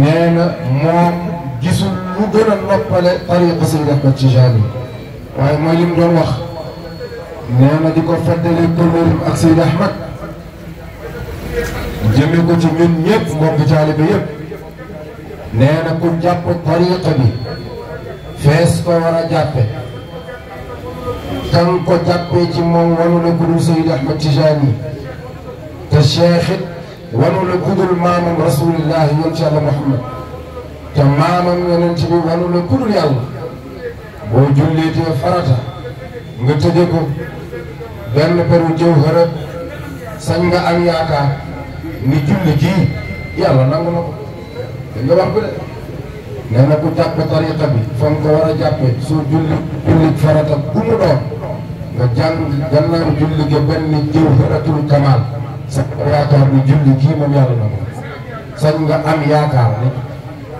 nee na moom gisul lu gën a noppale Seydi Ahmed Tijaani waaye mooy li mu doon wax nee na di ko fàttali kóllëreem ak Seydi Ahmed jëmee ko ci ñun ñëpp mbokk taalibe yëpp nee na ku jàpp tariqa bi fees ko war a kan ko jàppee ci moom wanu na ku Seydi Ahmed Tijaani te cheikh it wanula kudul maamam rasulillahi yonent yàlla Muhammad te maamam yonent bi kudul yàlla boo julleetee farata nga tëje ko benn peru jawhara sañ nga am ni julli yàlla nangu na ko nga wax ko de nee na jàpp tariqa bi fa nga war a jàppee soo julli julli farata bu doon nga jàng gannaaw julli ga benn jawharatul kamal sa yaakaar bu julli kii moom yàlla na ko sañ nga am yaakaar ni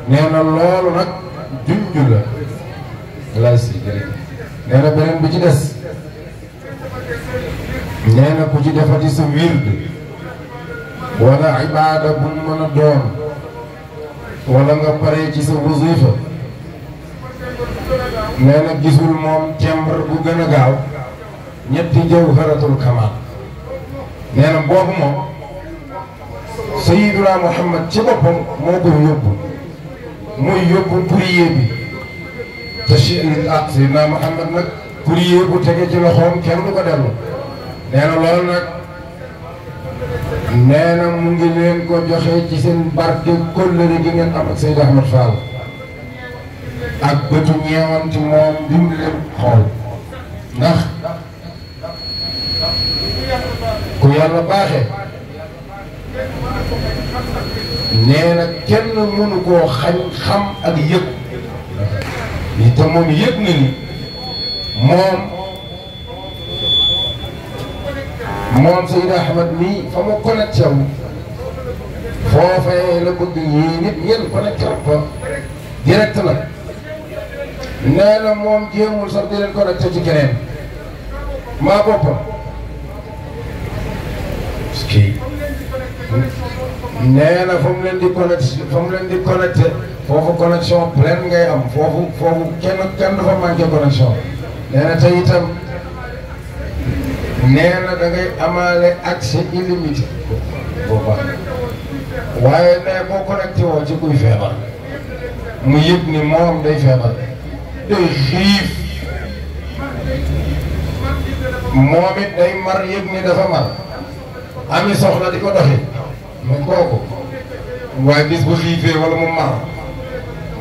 nee na loolu nag junj la beneen bu ci des nee na ku ci defati sa wird wala ibaada bu mën a doon wala nga pare sa wasifa nee na gisul moom tembre bu gën a gaaw ñetti jawharatul kamal nee na boobu moom Sayyiduna Muhammad ci boppam moo koy yóbbu muy yóbbu courrier bi te si ah Sayyiduna Muhammad nag courrier bu tege ci loxoom kenn du ko dellu nee loolu nag nee mu ngi leen ko joxe ci seen barke kóllëre gi ngeen am ak Seydou Ahmed ak bëtu ñeewante moom lim leen xool ndax. ku yàlla baaxee nee na kenn mënu koo xañ xam ak yëg li te moom yëg na ni moom moom Seydou Ahmed mii fa ma connecté wu foofee la bëgg ñii nit ñenn connecté fa direct la nee na moom jéemul sax di leen connecté ci keneen maa boppam. nee na fa mu leen di connecté fa mu leen di connecté foofu connexion pleine ngay am foofu foofu kenn kenn dafa manqué connexion nee na tey itam nee na da ngay amaale accès illimité booba waaye nee boo connecté woo ci kuy mu yëg ni moom day feebar day xiif moom it day mar yëg dafa mar ami soxla di ko doxi mu kooku waaye bis bu xiifee wala mu mar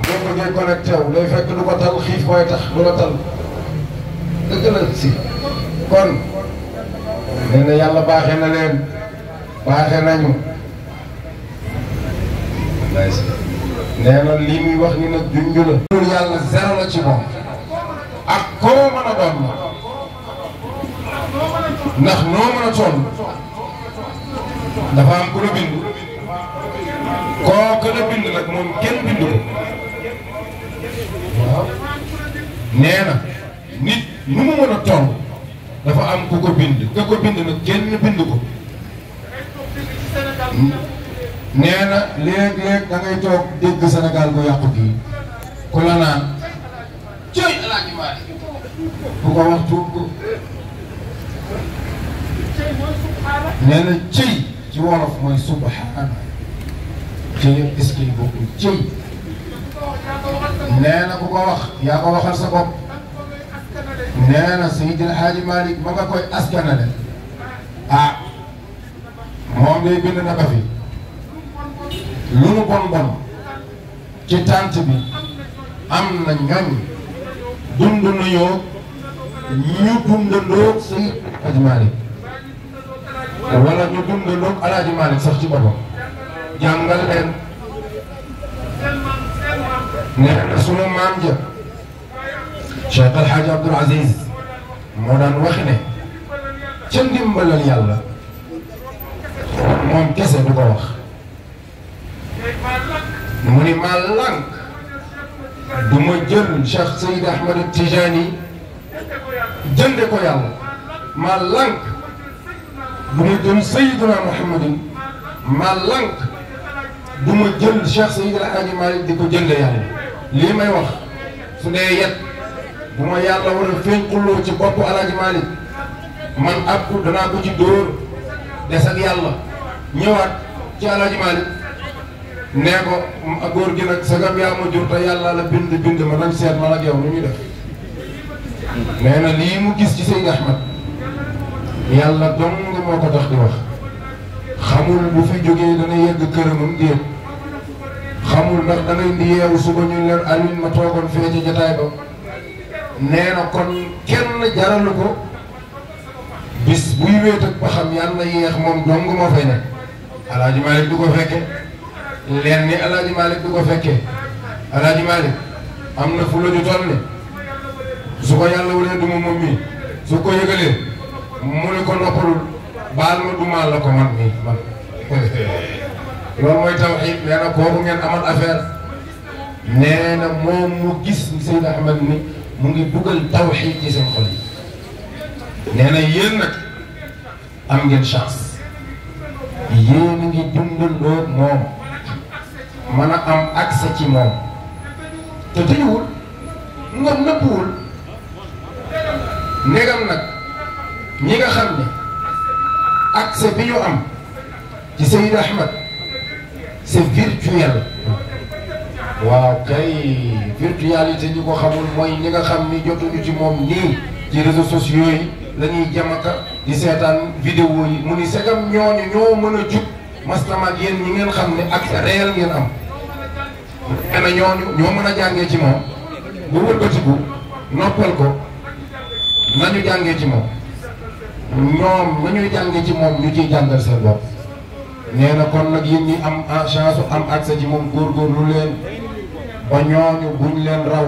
boo ko dee connecté wu fekk du ko tal xiif mooy tax du la tal dëgg la si kon nee na yàlla baaxee na leen baaxee nañu nee na lii muy wax ni nag junj la loolu yàlla zéro la ci moom ak koo mën a doon ndax noo mën a toll dafa am ku la bind kooku la bind moom kenn bind ko waaw nee na nit nu a toll dafa am ku ko bind te ko bind nag kenn bind ko nee na léeg-léeg da ngay toog dégg Sénégal bu yàqu gi ku la naan cooy ci wolof mooy subhaana ci yëpp est-ce que bokku jëm nee na yaa ko waxal sa bopp nee na Seydil Hadji Malick ba nga koy askanale ah moom day bind na ko fi lu bon bon ci tànt bi am na ñoñ dund na yoo ñu dundandoo Seydil Hadji Malick wala ñu dundandoo ak Alaaji Maalik sax ci boppam jàngal leen nee na sunu maam ja Cheikh El Hadj Aziz moo daan wax ne ca ndimbalal kese du ko wax mu ni maa lànk du ma jël Cheikh Seyd Ahmad Tijani jënde ko yàlla bu ma jël Sayyidina Muhammadin ma lànk du ma jël Cheikh Seydina Aji di ko jënd yàlla lii may wax su dee yet bu ma yàlla war a fénquloo ci boppu Alaaji Malick man ab ko danaa ko ci dóor des ak yàlla ñëwaat ci Alaaji Malick nee ko góor gi nag sagam yaa ma jur te yàlla la bind bind ma nag seet man ak yow nu ñuy def nee na lii mu gis ci Seydi Ahmad yàlla dong moo ko tax di wax xamul bu fi jógee dana yegg këramam déet xamul ndax da ngay di yeewu suba ñu leen Alioune ma toogoon fee ca jataay ba nee na kon kenn jaralu ko bis buy wéet ak ba xam yàlla yéex moom dong moo fay nekk Alaaji du ko fekke leen am na fu la ñu toll su ko yàlla walee duma moom mii su ko yëgalee mu ne ko noppalul baal ma dumaal la ko man nii man loolu mooy tawxiid nee na ngeen amal affaire nee na moom mu gis Seyd Ahmed ni mu ngi buggal tawxiid ci seen xol yi nee yéen nag am ngeen chance yéen a ngi dundandoo moom mën a am accès ci moom te tëjuwul ngam nëbbuwul ndegam nag ñi nga xam ne. accès bi ñu am ci Seydi Ahmed c'est virtuel waaw kay virtualité ñi ko xamul mooy ñi nga xam ni jotuñu ci moom nii ci réseaux sociaux yi lañuy ñuy jamaka di seetaan vidéo yi mu ni segam ñooñu ñoo mën a jub maslama ak yéen ngeen xam ne accès réel ngeen am nee na ñooñu ñoo mën a jàngee ci moom bu wëlbatiku noppal ko nañu jàngee ci moom ñoom ma ñuy ci moom ñu ci jàngal seen bopp nee na kon nag yéen ñi am en chance am accès ci moom góorgóorlu leen ba ñooñu buñ leen raw.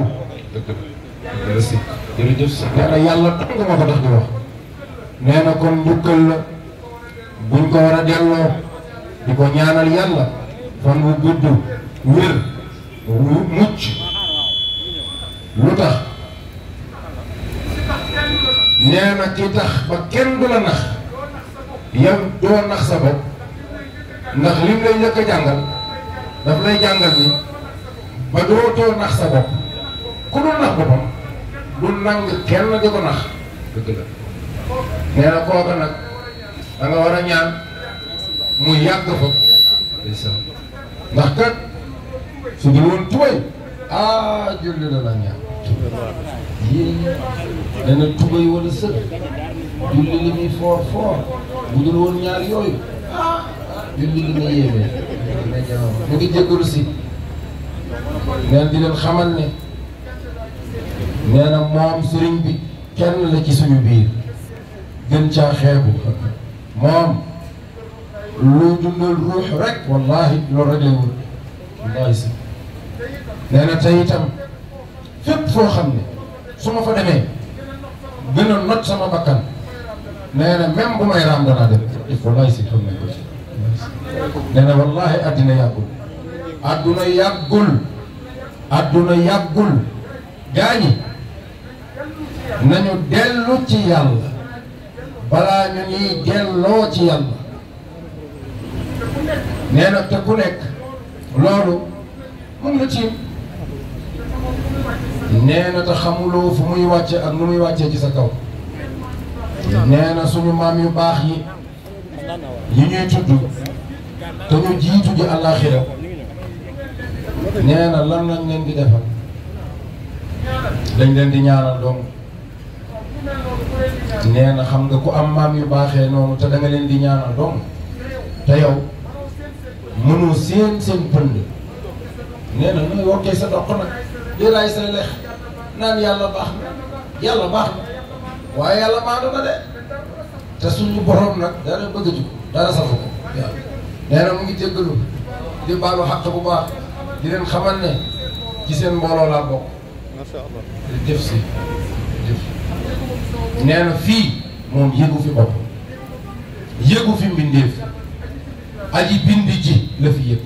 nee na yàlla dong ma ko tax di wax. nee na kon njukkal la buñ ko war a delloo di ko ñaanal yàlla fan bu gudd wér mucc lu tax. nee na ci tax ba kenn du la nax yow doo nax sa bopp ndax lim lay njëkk jàngal daf lay jàngal ni ba dootoo nax sa bopp ku dul nax boppam du nang kenn di ko nax dëgg la nee kooka nag da war a ñaan mu yàgg fa ndax kat su dul woon tubay ah julli la la ñaan yii dana tubay wala sër julli li muy foor foor bu dul woon ñaar yooyu ah julli li muy yéemee mu ngi jégalu si neen di leen xamal ne nee na moom sëriñ bi kenn la ci suñu biir gën caa xeebu moom lu dundal ruux rek wallahi loolu rek lay wër wallahi si nee na tey fépp foo xam ne su ma fa demee gën a not sama bakkan nee na même bu may raam danaa dem il faut lay yàggul adduna yàggul adduna yàggul nañu dellu ci yàlla balaa ñu ñuy delloo ci yàlla nee te ku nekk loolu mun na ci neena na te xamuloo fu muy wàcce ak nu muy wàccee ci sa kaw nee na suñu maam yu baax yi yi ñuy tudd te ñu jiitu ji àllaaxira nee lan lañ leen di defal dañ leen di ñaanal dong nee na xam nga ku am maam yu baaxee noonu te da leen di ñaanal doom te yow mënoo seen seen pënd nee na nooy wokkee sa doq nag di raay say lex naan yàlla baax na yàlla baax na waaye yàlla maandu na de te suñu borom nag dara bëggatu ko dara safu ko waaw nee na mu ngi jéggalu di baalu xàq bu baax di leen xamal ne ci seen mbooloo laa bokk def si def nee fii moom yëgu fi bopp yëgu fi mbindeef aji bind ji la fi yëg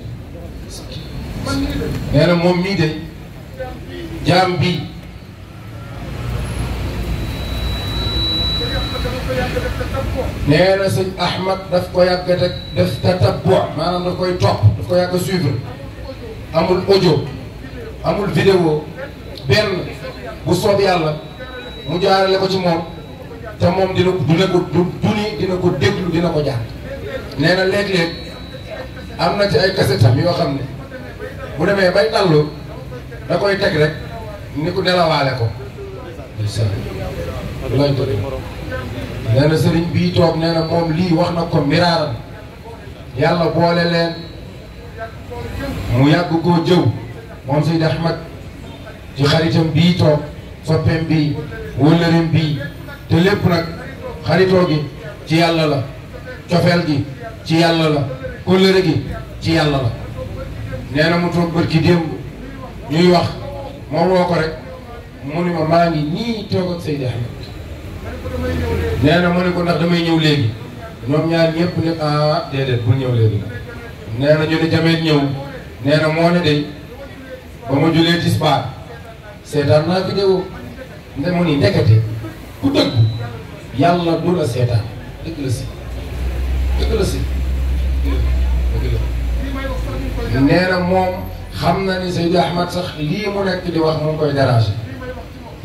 nee na moom mii de jaam bi nee na sëñ Ahmad daf ko yàgg a def tatabbu maanaam daf koy topp daf ko yàgg a suivre amul audio amul vidéo benn bu soob yàlla mu jaarale ko ci moom te moom dina dina ko du duni dina ko déglu dina ko jàng nee na am na ci ay kasetam yoo xam ne bu demee bay dallu da koy teg rek. ni ku nelawaale ko lañ ko nee na sëriñ bi toog nee na moom lii wax na ko miraaran yàlla boole leen mu yàgg koo jëw moom Seyd Ahmad ci xaritam bii toog soppeem bii wëllëreem bii te lépp nag xaritoo gi ci yàlla la cofeel gi ci yàlla la kóllëre gi ci yàlla la nee na mu toog bër ki démb wax ma woo ko rek mu ni ma maa ngi nii toog ak Seydi Ahmed nee na mu ne ko ndax damay ñëw léegi ñoom ñaar ñëpp ne ah déedéet bul ñëw léegi nee na ñu ne jameet na moo ne day ba ma julee tisbaar seetaan naa vidéo nde mu la seetaan dëgg la si dëgg si dëgg la nee xam na ni Seydi Ahmad sax lii mu nekk di wax mu ngi koy déranger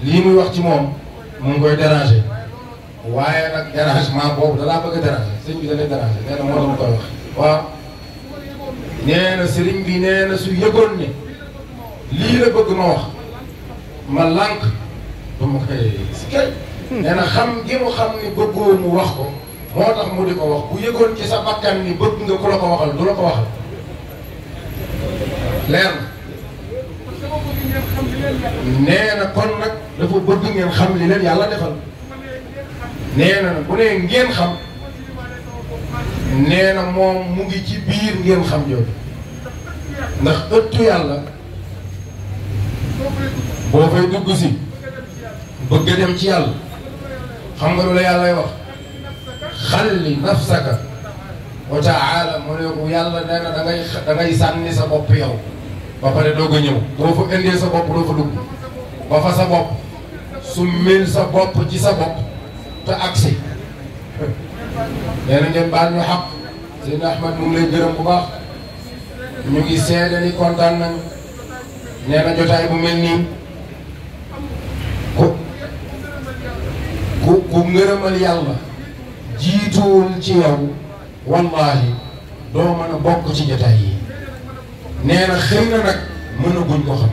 lii muy wax ci moom mu ngi koy déranger waaye nag dérangement boobu dalaa bëgg a déranger sëñ bi da lay déranger nee na moo doon koy wax waaw nee na sëriñ bi yëgoon ni lii la bëgg ma wax ma lànk du ma kay nee na xam gi xam ni bëggoo mu wax ko moo tax mu di ko wax bu yëgoon ci sa bakkan ni bëgg nga ku la ko waxal du la ko waxal leer nee na kon nag dafa bëgg ngeen xam li leen yàlla defal nee bu nee ngeen xam nee moom mu ngi ci biir ngeen xam jooju ndax ëttu yàlla boo fay dugg si bëgg a dem ci yàlla xam nga lu la yàllay wax xalli nafsaka wa taala mu ne ko yàlla nee na da sànni sa bopp yow ba pare dog a ñëw boo fa indee sa bopp doo fa dugg ba fa sa bopp ci sa te aksi nee na ngeen baal ñu xaq Seydina Ahmad mu ngi lay gërëm bu baax ñu ngi seede ni kontaan nañ nee na jotaay bu mel nii ku ku ku ngërëmal yàlla jiituwul ci yow wallaahi doo ci jotaay nee na xëy na nag mënaguñ ko xam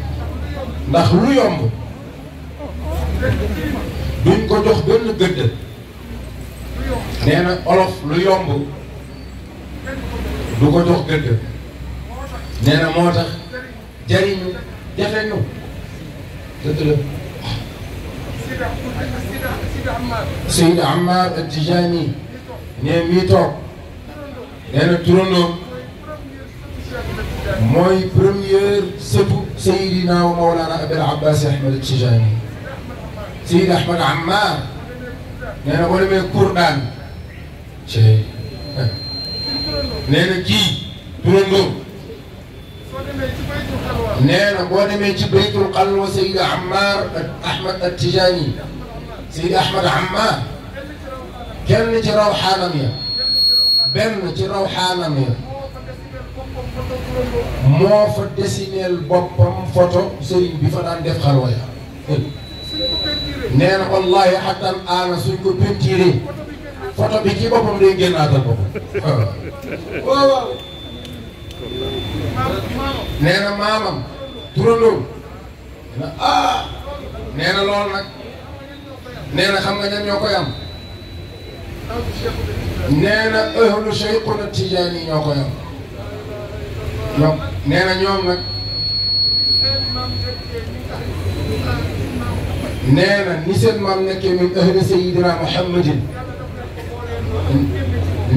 ndax lu yomb duñ ko jox benn gëdd nee na olof lu yomb du ko jox gëdd nee moo tax jariñu jafe ñu dëgg la Seydi Amar Tijani nee mii toog nee mooy première sëtu Seydina wa Mawlana Abil Abbas Ahmad Tijani Seyd Ahmad Ammar nee na boo demee Kourdaan ci eh. nee na kii turandoo nee na boo demee ci baytul xalwa Seyd Ammar Ahmad at Tijani Seyd Ahmad Ammar kenn ci raw xaanam ya benn ci raw xaanam ya moo fa desineel boppam photo sëriñ bi fa daan def xarwaya nee na wallahi xatal aana suñ ko peinturé photo bi ci boppam day génnaatal boppam waaw waaw nee na maamam turandoom na ah nag nee na xam nga ñan ñoo koy am nee na ahlu Cheikhuna Tijaani ñoo koy am ñoom nee na ñoom nag nee na ni seen maam nekkee min ahli sayidina muhammadin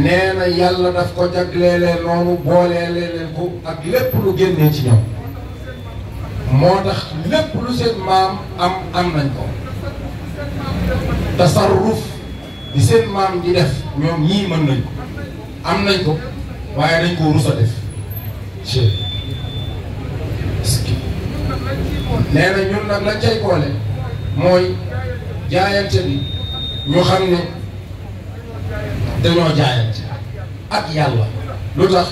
nee na yàlla daf ko jagleelee noonu booleelee leen ko ak lépp lu génnee ci ñoom moo tax lépp lu seen maam am am nañ ko tasarruf bi seen maam di def ñoom ñii mën nañ am nañ ko waaye dañ ko rus def G. na ñun nag lañ cay boole mooy jaayante bi ñu xam ne dañoo jaayante ak yàlla lu tax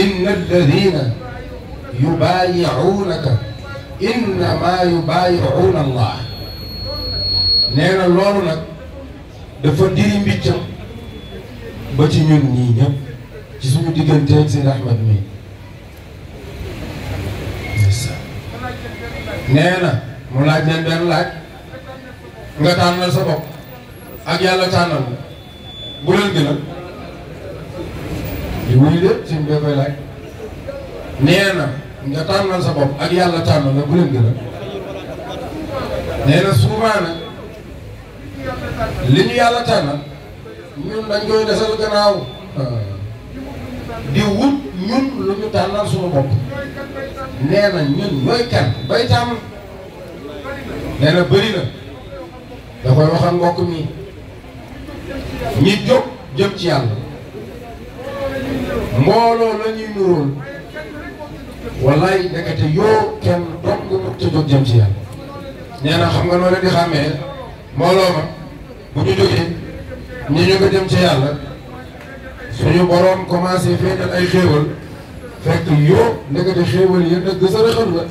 inna alladina yubaayi'uunaka innamaa yubaayi'uuna allah nee na loolu nag dafa diri mbiccam ba ci ñun ñii ñëpp ci suñu digganteeg si rahmat mi nee na mu laaj leen benn laaj nga tànnal sa bopp ak yàlla tànnal bu leen gën di wuyu de suñ bee koy nga tànnal sa bopp ak yàlla tànnal la bu leen gën a nee na souvent nag li ñu yàlla tànnal ñun dañ koy desal ah. di wut ñun lu ñu tànnal suñu bopp nee na ñun ñooy kan bay tàmm nee na bëri na da koy waxal mbokk mi ñi jóg jëm ci yàlla mbooloo la ñuy nuróol wallaay nekkate yoo kenn dong mu te jóg jëm ci yàlla nee xam nga noo leen di xàmmee mbooloo ma bu ñu jógee ñu nga jëm ci yàlla suñu boroom commencé feeñal ay xéewal fekk yoo ndekete xéewal ya nag gësa raxal la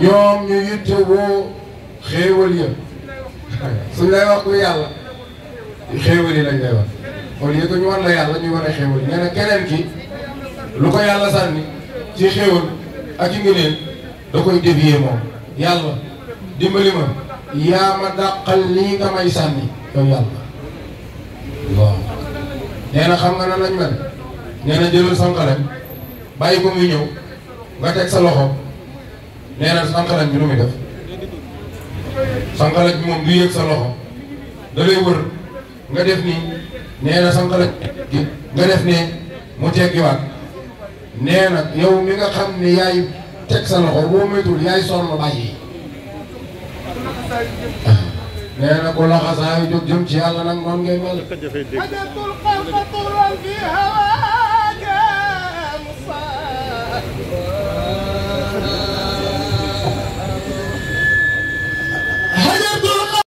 ñoom ñu yitte woo xéewal ya suñ lay wax ko yàlla xéewal yi lañ lay wax kon yëg ñu war la yàlla ñu war a ki lu ko yàlla sànni ci xéewal ak yi ngi leen da koy dévier moom yàlla dimbali ma yaa ma dàqal lii sànni nee na xam nga nan lañ mel nee na jëlal sanqalañ bàyyi ko muy ñëw nga teg sa loxo nee na sanqalañ bi nu muy def sanqalañ moom du yëg sa loxo da lay wër nga def nii nee na sanqalañ gi nga def ne mu teggiwaat nee na ñëw mi nga xam ni yaay teg sa loxo boo moytuwul yaay sonn bàyyi. nee na ku laxasaayu jóg jëm ci yàlla nag noonu ngay mel.